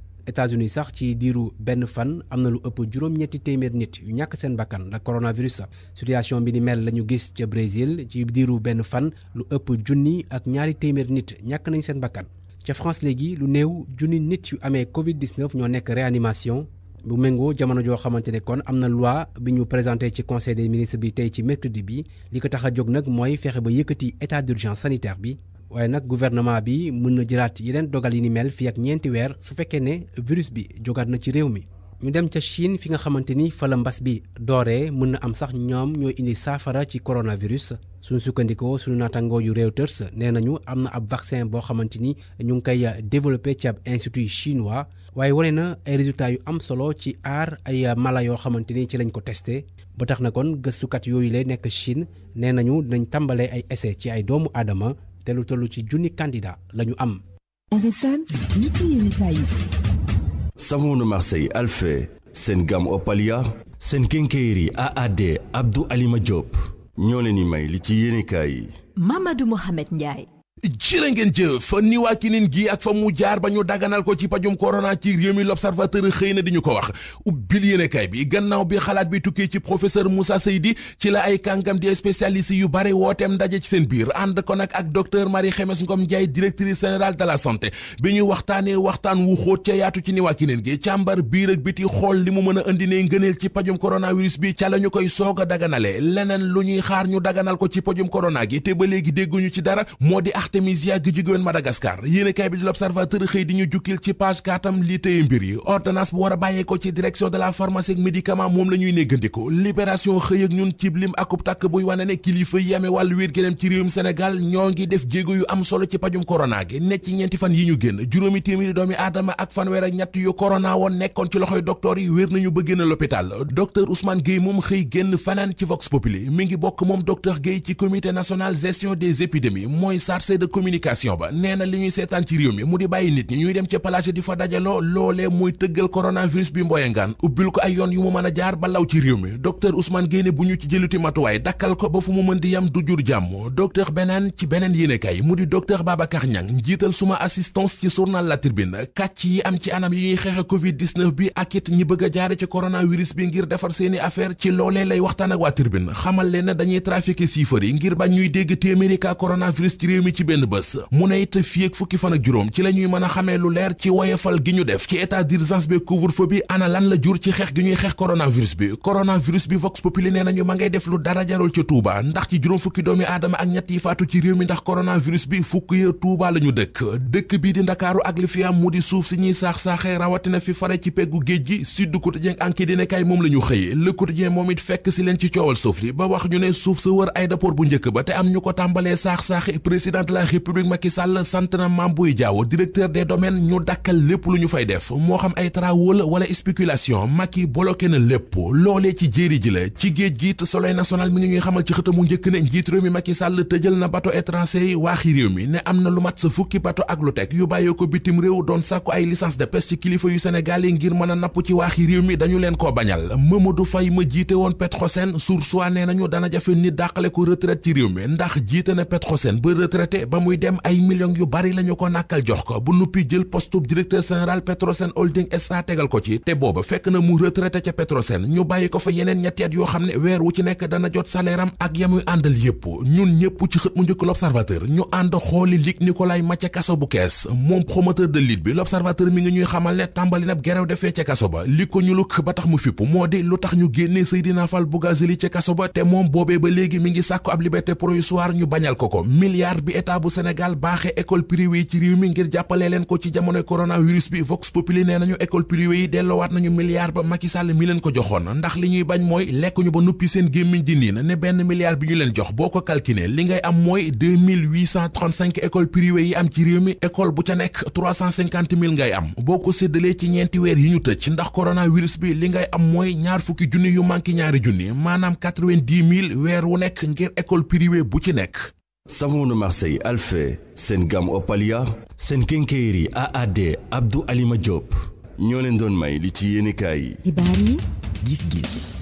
États-Unis sax ci diiru ben fan am lu ëpp juróom-ñetti la coronavirus situation bi ni mel la gis ca Brésil ci diiru ben fan lu ëpp junni ak ñaari téeméer nit ñàkk nañ seen bakkan France léegi lu néew junni nit yu Covid 19 ñoo réanimation bu méngoo loi bi présenté ci conseil des ministres bi ci mercredi bi li ko tax a jóg nag ba état d'urgence sanitaire waaye nag gouvernement bi mën na jëlaat yeneen dogal yi ni mel fii ak ñeenti weer su fekkee ne virus bi jógaat na ci réew mi. ñu dem ca Chine fi nga xamante ni fa la mbas bi dooree mën na am sax ñoom ñoo indi saafara ci virus suñu sukkandikoo suñu naatangoo yu Reuters nee nañu am na ab vaccin boo xamante ni ñu ngi koy euh, développé ci ab chine waa waaye wane na ay résultats yu am solo ci aar ay euh, mala yoo xamante ni ci lañ ko testé ba tax na kon gëstukat yooyu lay nekk Chine nee nañu dinañ tàmbalee ay essai ci ay doomu aadama te lu ci junni candidat la ñu am. savon de Marseille Alfé seen gam Opalia seen kénkéeri AAD Abdou Alima Diop ñoo leen di may li ci yéenekaay yi. Mamadou Mohamed Ndiaye. jërë ngeen jëf ni waa kinin gi ak fa mu jaar ba ñu daganal ko ci pajum corona ci réew mi l'observateur xëy na di ñu ko wax ubbil yéenekaay bi gannaaw bi xalaat bi tukkee ci professeur Moussa Seydi ci la ay kàngam di spécialiste yu bare wooteem ndaje ci seen biir ànd ko nag ak docteur Marie Khemesse Ngom Ndiaye directrice générale de la santé bi ñu waxtaanee waxtaan wu xóot ca yaatu ci ni waa kinin gi càmbar biir ak biti xool li mu mën a indi ne ngëneel ci pajum coronavirus bi ca la ñu koy soog a leneen lu ñuy xaar ñu daganal ko ci pajum corona gi te ba léegi dégguñu ci dara moo di Artemisia gi jóge woon Madagascar yéenekaay bi di l'Observateur xëy di ñu jukkil ci page kaatam lii téye mbir yi ordonnance bu war a bàyyeekoo ci direction de la pharmacie ak médicament moom la ñuy néggandiko libération xëy ak ñun cib lim aku takk buy wane ne kilifa yi amee wàllu wér gënam ci réewum Sénégal ñoo ngi def jéego yu am solo ci pajum corona gi nekk ci ñeenti fan yi ñu génn juróomi téeméeri doomi aadama ak fanweer ñett yu corona woon ci loxoy docteur yi wér nañu ba génn l'hôpital docteur Ousmane Gueye moom xëy génn fanaan ci Vox Populi mi ngi bokk moom docteur Gueye ci comité national gestion des épidémies mooy chargé de communication ba nee na li ñuy seetaan ci réew mi mu di bàyyi nit ñi ñuy dem ca plage di fa dajaloo loolee mooy tëggal coronavirus bi mboye ngaan ubbil ko ay yoon yu mu mën jaar ba law ci réew mi docteur Ousmane Guèye bu ñu ci jëluti matuwaay dakkal ko ba fu mu mën di yam du jur jàmm docteur beneen ci beneen yéenekaay mu di docteur Babacar ñan njiital suma assistance ci journal La Tribune kàcc yi am ci anam yi ñuy xeexe covid 19 bi ak it ñi bëgg jaar jaare ci coronavirus bi ngir defar seeni affaire ci loolee lay waxtaan ak waa Tribune xamal leen ne dañuy trafiqué chiffres yi ngir bañ ñuy dégg téeméeri cas coronavirus ci réew mi ci benn bés mu ne it fii ak fukki fan juróom ci la mën a xamee lu leer ci woyefal gi ñu def ci état d'urgence bi couvre-feu bi la jur ci xeex gi ñuy xeex coronavirus bi bi nee nañu ma ngay def lu dara ca Touba ndax ci juróom fukki doomi aadama ak ñett yi faatu ci réew mi ndax coronavirus bi fukk ya Touba dëkk dëkk bii di Ndakaaru ak li fi am mu di suuf si ñuy saax-saaxee rawatina fi fare ci peggu géej gi Sud Quotidien enquête dina kay moom la de la république Macky Sall sant na Mame Boye Diao directeur des domaines ñu dakkal lépp lu ñu fay def moo xam ay travaux wala spéculation Macky bloqué na lépp loolee ci jéeri ji mi ngi ñuy xamal ci xëtamu njëkk ne njiit réew mi Macky tëjal na bateau étranger yi waaxi réew mi ne am na lu mat sa fukki bateau ak lu teg yu bàyyee bitim réew doon sàkku ay licence de pêche ci kilifa yu Sénégal ngir mën a napp ci waaxi réew mi dañu leen koo bañal Mamadou Faye ma boobee ba muy dem ay millions yu bari lañu ko nàkkal jox ko bu nuppi jël poste directeur général Petrosen Holding SA tegal ko ci te booba fekk na mu retraité ca Petrosen ñu bàyyi ko fa yeneen ñetti at yoo xam ne weer wu ci nekk dana jot salaire am ak yamuy àndal yëpp ñun ñëpp ci xët mu njëkk l'observateur ñu ànd xooli Luc Nicolaï ma ca kaso bu kees moom promoteur de lutte bi l'observateur mi nga ñuy xamal ne tàmbali na gerew defee ca kaso ba li ko ñu lukk ba mu fippu moo di lu tax ñu génnee Seydina Fall Bougazeli ca kaso ba moom boobee ba léegi mi ngi sàkku ab liberté provisoire ñu bañal ko ko milliard état bu Sénégal baaxee école privée yi ci réew mi ngir jàppale leen ko ci jamonoy coronavirus bi Vox Populi nee nañu école privée yi delloowaat nañu milliard ba Macky Sall mi leen ko joxoon ndax li ñuy bañ mooy lekk ñu ba nuppi seen gémmiñ di niin ne benn milliard bi ñu leen jox boo ko calculé li ngay am mooy 2835 école privée yi am ci réew mi école bu ca nekk 350 000 ngay am boo ko séddalee ci ñeenti weer yi ñu tëj ndax coronavirus bi li ngay am mooy ñaar fukki junni yu manqué ñaari junni maanaam 90 000 weer wu nekk ngir école privée bu ci nekk savon de Marseille Alphé seen gamme opalya seen kénkéeri AAD Abdou Alima Diop ñoo leen doon may li ci yéenekaay yi. xibaar gis-gis.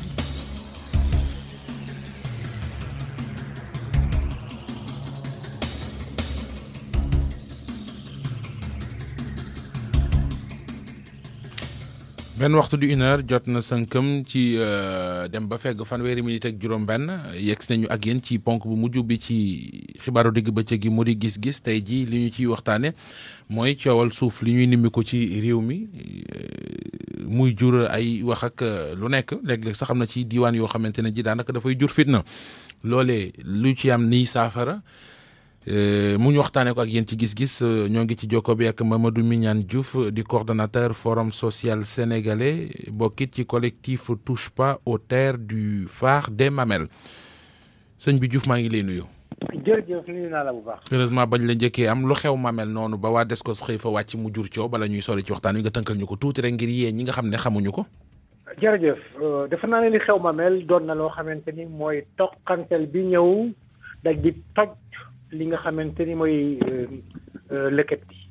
benn waxtu du une jot na sënkam ci euh, dem ba fegg fanweeri minute ak juróom-benn yegg si ak yéen ci ponk bu mujj bi ci xibaaru digg bëccëg gi mu di gis-gis tey jii li ñu ciy waxtaane mooy coowal suuf li ñuy nimmi ko ci réew mi euh, muy jur ay wax ak euh, lu nekk léeg-léeg sax xam na ci diiwaan yoo xamante ne ji daanaka dafay jur fitna loole lu ci am nii saafara. Eh, mu ñu waxtaanee ko ak yéen ci gis-gis ñoo ngi ci jokko ak Mamadou Mignane Diouf di coordonnateur forum social sénégalais bokkit ci collectif touche pas aux terres du phare des Mamelles sëñ bi Diouf maa ngi lay nuyu. jërëjëf nuyu naa la bu baax. heureusement bañ la njëkkee am lu xew Mamelles noonu ba waa Descos xëy fa wàcc mu jur coow bala ñuy soli ci waxtaan wi nga tënkal ñu ko tuuti rek ngir yee ñi nga xam ne xamuñu ko. jërëjëf euh, defe naa ne li xew Mamelles doon na loo xamante ni mooy toqantel bi ñëw daj di toj li nga xamante ni mooy euh, euh, lëkkat yi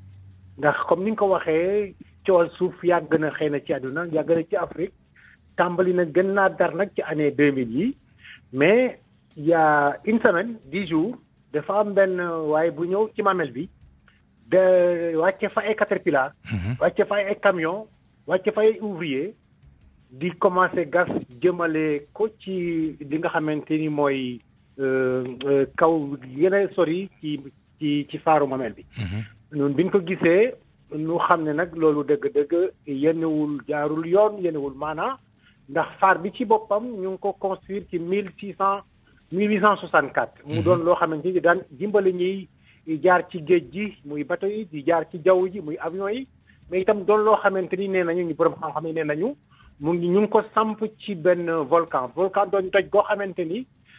ndax comme ni nga ko waxee coowal suuf yàgg na xëy na ci àdduna yàgg na ci Afrique tàmbali na gën naa dar nag ci année deux mille yi mais il y a une semaine dix jours dafa am benn waaye bu ñëw ci mamel bi de wàcce fa ay caterpillar mhm. wàcce fa ay camion wàcce fa ay ouvrier di commencé gas jëmale ko ci li nga xamante ni mooy kaw yeneen sori ci ci ci faaru mameel bi ñun mhm. biñ ko gisee ñu xam ne nag loolu dëgg-dëgg yenewul jaarul yoon yenewul maanaa ndax faar bi ci boppam ñu ngi ko construire ci mille six cent mille huit cent soixante quatre mu mhm. doon loo xamante ni daan dimbali ñuy jaar ci géej gi muy bateau yi di jaar ci jaww ji muy avion yi mais itam doon loo xamante ni nee nañu ñu borom xam-xam yi nee nañu mu ngi ñu ngi ko samp ci benn volcan volcan doon toj goo xamante ni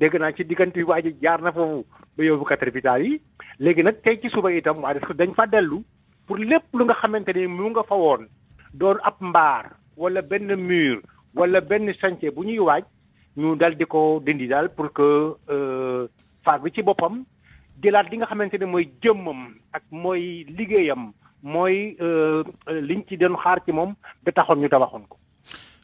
dégg naa ci diggante waa ji jaar na foofu ba yóbbu capital yi léegi nag tey ci suba itam waa des dañ fa dellu pour lépp lu nga xamante ni mu nga fa woon doon ab mbaar wala benn mur wala benn chantier bu ñuy waaj ñu dal di ko dindi daal pour que faag euh, bi ci boppam jëlaat li nga xamante ne mooy jëmmam ak mooy liggéeyam mooy euh, liñ ci doon xaar ci moom ba taxoon ñu tabaxoon ko.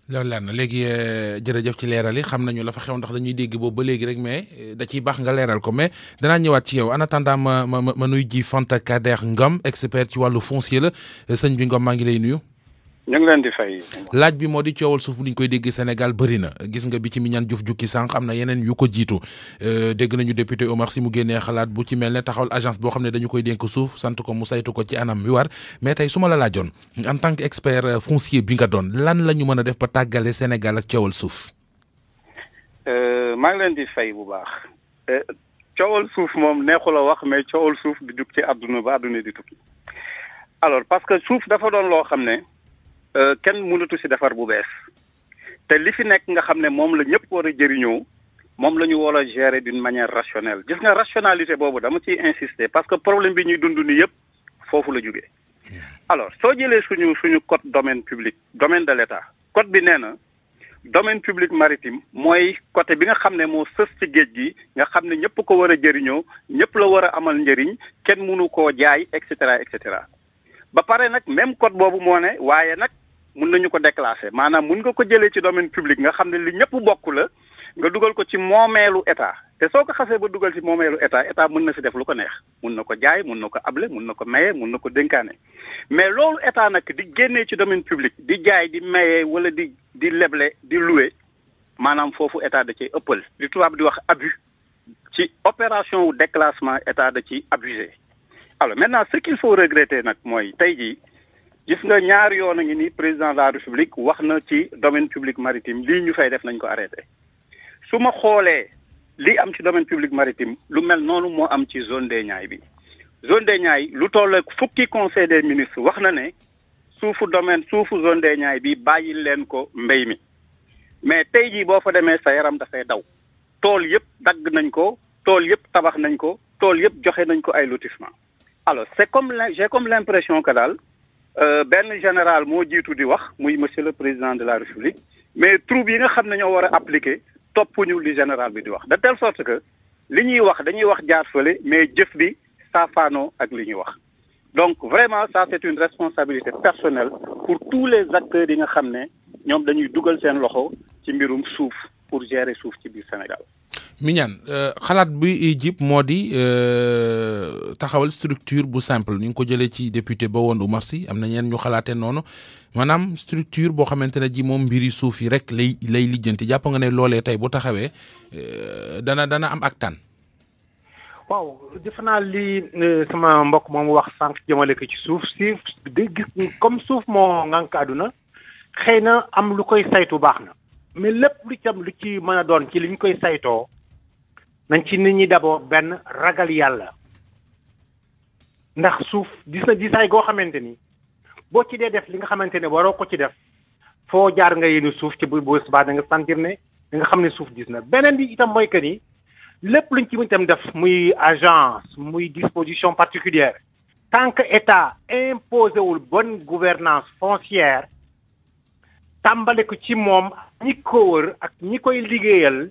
loolu leer na léegi euh, jërëjëf ci leeral yi xam nañu la fa xew ndax dañuy dégg boobu ba léegi rek mais euh, da ciy baax nga leeral ko mais danaa ñëwaat ci yow en attendant ma ma ma nuy ji Fanta Kader Ngom expert ci wàllu foncier la euh, sëñ bi Ngom maa ngi lay nuyu. ñu leen di fay. laaj bi moo di coowal suuf bu ñu koy dégg Sénégal bëri na gis nga bi ci Mignane juf jukki sànq am na yeneen yu ko jiitu euh, dégg nañu député Omar Simugeni mu génnee xalaat bu ci mel ne taxawal agence boo xam ne dañu koy dénk suuf sant ko mu saytu ko ci anam wi war mais tey su ma la laajoon en tant expert euh, foncier bi nga doon lan la ñu mën a def ba tàggale Sénégal ak coowal suuf. Euh, maa ngi leen di fay bu baax. coowal suuf moom neexul wax mais coowal suuf di jug ci àdduna ba àdduna di tukki alors parce que suuf dafa doon loo ne. Euh, kenn mënatu ci defar bu bees te li fi nek nga xamné mom la ñëpp war a jëriñoo moom la ñu gérer d'une manière rationnelle gis nga rationalité bobu dama ci insister parce que problème bi ñuy dundu ni yëpp fofu la jógee alors so jëlé suñu suñu code domaine public domaine de l'État code bi néna domaine public maritime moy côté bi nga xamné mo moo ci géej gi nga xamné ne ñëpp ko wara jëriñu jëriñoo ñëpp la wara amal njëriñ ken mënu ko jaay etc., etc. ba paré nak même code bobu mo né waaye nak mun nañu ko déclasser maanaam mun nga ko jëlee ci domaine public nga xam ne li ñëpp bokk la nga dugal ko ci moomeelu état te soo ko xasee ba dugal ci moomeelu état état mun na si def lu ko neex mun na ko jaay mun na ko able mun na ko maye mun na ko dénkaane mais loolu état nag di génnee ci domaine public di jaay di maye wala di di leble di louer maanaam foofu état da cay ëppal li tubaab di wax abus ci opération wu déclassement état da ci abusé alors maintenant ce qu'il faut regretter nag mooy tey jii gis nga ñaari yoon a ngi ni président de la république wax na ci domaine public maritime lii ñu fay def nañ ko arrêté su ma xoolee li am ci domaine public maritime lu mel noonu moo am ci zone des ñaay bi zone des ñaay lu toll fukki conseil des ministres wax na ne suufu domaine suufu zone des ñaay bi bàyyil leen ko mbéy mi mais tey jii boo fa demee sa yaram dafay daw tool yépp dagg nañ ko tool yépp tabax nañ ko tool yépp joxe nañ ko ay lotissement alors c'est comme j'ai comme l'impression que daal le euh, général moo jiitu di wax muy monsieur le président de la république mais troupes yi nga xam ne ñoo war a appliquer toppuñu li général bi di wax de telle sorte que li ñuy wax dañuy wax jaar fële mais jëf bi saafaanoo ak li ñuy wax donc vraiment ça c'est une responsabilité personnelle pour tous les acteurs yi nga xam ne ñoom dañuy dugal seen loxo ci mbirum suuf pour gérer suuf ci biir Sénégal Mignane euh, xalaat bi jib moo di euh, taxawal structure bu simple ñu ngi ko jëlee ci député ba woon Oumar Sy am na ñeen ñu xalaatee noonu maanaam structure boo xamante ne ji moom mbiri suuf yi rek lay lay lijjanti jàpp nga ne loolee tey bu taxawee euh, dana dana am ak tan waaw defe naa li sama mbokk moom wax sànq jëmale ko ci suuf si di gis comme suuf moo ngànk àdduna xëy na am lu koy saytu baax na mais lépp lu ci mën a doon ci li ñu koy saytoo nañ ci nit ñi d'abord benn ragal yàlla ndax suuf gis na gisaay goo xamante ni boo ci dee def li nga xamante ne waroo ko ci def foo jaar nga yéenu suuf ci bu bu subaa da nga sentir ne da nga xam ne suuf gis na beneen bi itam mooy que ni lépp luñ ci mën itam def muy agence muy disposition particulière tant que état imposé wul bonne gouvernance foncière tàmbale ko ci moom ñi ko wër ak ñi koy liggéeyal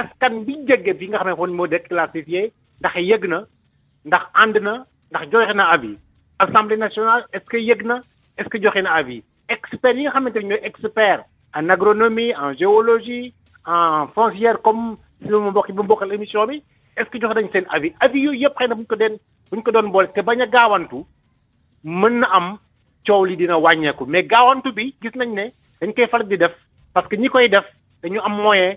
askan bi jege bi nga xam ne woon moo déclassifié ndax yëg na ndax ànd na ndax joxe na avis assemblée nationale est ce que yëg na est ce que joxe na avis experts yi nga xamante ne ñooy experts en agronomie en géologie en foncière comme si ma mbokk ba mbokkal émission bi est ce que joxe nañ seen avis avis yooyu yëpp xëy na bu ñu ko den bu ñu ko doon boole te bañ a gaawantu mën na am coow lii dina wàññeeku mais gaawantu bi gis nañ ne dañ koy faral di def parce que ñi koy def dañu am moyen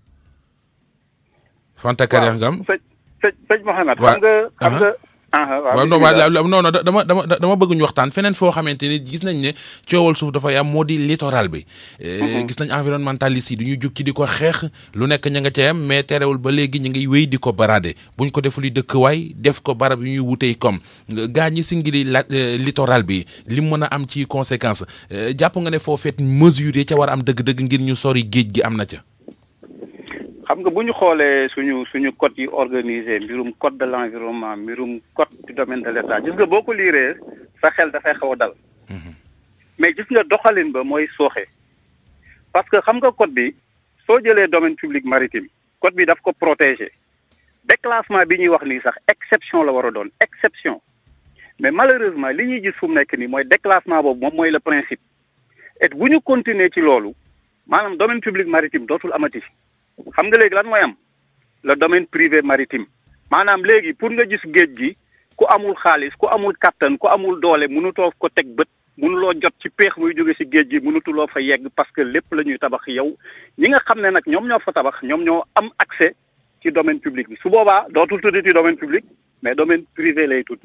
Fanta Kader Ngam. sëñ sëñ xam nga xam nga. Ah, ah non waaw non non dama dama dama bëgg ñu waxtaan feneen foo xamante ni gis nañ ne coowal suuf dafa yam moo di littoral bi. Eh, mm-hmm. gis nañ environnementaliste yi du ñu jug ci di ko xeex lu nekk ña nga cay am mais terewul ba léegi ñu ngi wéy di ko baraade buñ ko deful dëkkwaay def ko barab yu ñuy wutey comme gaa ñi singili la eh, littoral bi li mën a am ci conséquence eh, jàpp nga ne foo feet mesure ca war am dëgg-dëgg ngir ñu sori géej gi am na ca xam nga bu ñu xoolee suñu suñu code yi organisé mbirum code de l'environnement mbirum code du domaine de l'État gis nga boo ko liiree sa xel dafay xaw a dal. Mhm. mais gis nga doxalin ba mooy sooxe. parce que xam nga code bi soo jëlee domaine public maritime code bi daf ko protéger déclassement bi ñuy wax nii sax exception la war a doon exception mais malheureusement li ñuy gis fu mu nekk nii mooy déclassement boobu moom mooy le principe et bu ñu continuer ci loolu maanaam domaine public maritime dootul amati xam nga léegi lan mooy am le domaine privé maritime maanaam léegi pour nga gis géej gi ku amul xaalis ku amul kàttan ku amul doole mënutoo ko teg bët mënuloo jot ci peex muy jóge si géej gi mënutuloo fa yegg parce que lépp la ñuy tabax yow ñi nga xam ne nag ñoom ñoo fa tabax ñoom ñoo am accès ci domaine public bi su boobaa dootul tuddi ci domaine public mais domaine privé lay tudd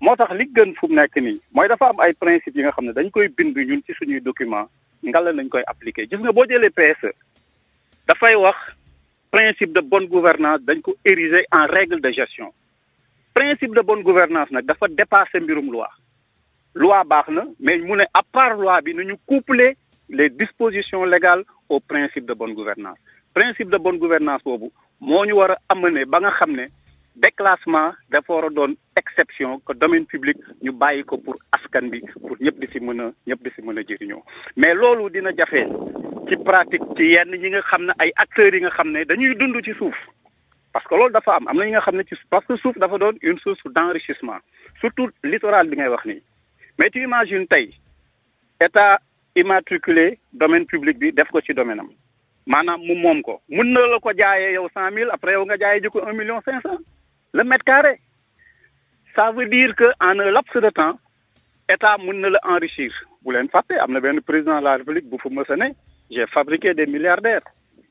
moo tax li gën fu mu nekk nii mooy dafa am ay principe yi nga xam ne dañ koy bind ñun ci suñuy document ngala nañ koy appliquer gis nga boo jëlee PSE dafay wax principe de bonne gouvernance dañ ko en règle de gestion principe de bonne gouvernance nak dafa dépasser mbirum loi loi baxna mais à part loi nous couplons coupler les dispositions légales au principe de bonne gouvernance principe de bonne gouvernance bobu moñu wara amener ba nga xamné déclassement dafa exception que domaine public ñu bayiko pour askan pour ñëpp di si mën a ñëpp di Mais c'est ce mais lolu dina ci pratique ci yenn ñi nga xam ne ay acteurs yi nga xam ne dañuy dund ci suuf parce que loolu dafa am am na ñi nga xam ne ci parce que suuf dafa doon une source d'enrichissement surtout littoral bi ngay wax nii mais tu imagines tey état immatriculé domaine public bi def ko ci domaine am maanaam mu moom ko mun na la ko jaayee yow cent mille après yow nga jaayee ji ko un million cinq le mètre carré ça veut dire que en un laps de temps état mun na la enrichir bu leen fàtte am na benn président de la république bu fu mësa ne j'ai fabriqué des milliardaires.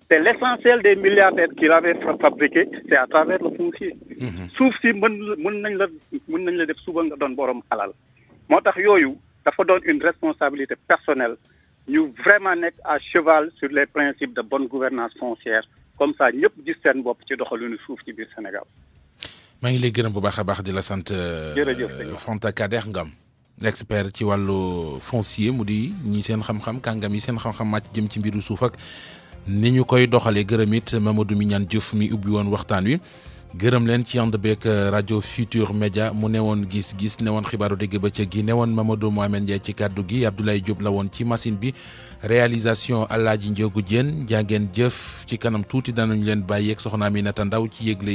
C'est l'essentiel des milliardaires qu'il avait fabriqué, c'est à travers le foncier. Mhm. Sauf si mën mën ne la mën nañ la def suba nga doon borom halal. une responsabilité personnelle Nous, vraiment être à cheval sur les principes de bonne gouvernance foncière comme ça nous disons le bopp ci doxalinu le ci du Sénégal. Je sénégal lay gërëm bu la santé euh, l'expert ci walu foncier mu di ñi seen xam-xam kangam yi seen xam-xam màcc jëm ci mbiru suuf ak ni ñu koy doxalee gërëm it Mamadou Mignane Diouf mi ubbi woon waxtaan wi gërëm leen ci ànd beeg Futur media mu newoon gis-gis newoon xibaaru dégg bëccëg gi newoon Mamadou Mohamed Ndiaye ci kaddu gi Abdoulaye Diop la woon ci machine bi réalisation Alaaji Ndiogou Diène jaa jëf ci kanam tuuti danañ leen ak soxna Aminata Ndaw ci yëgle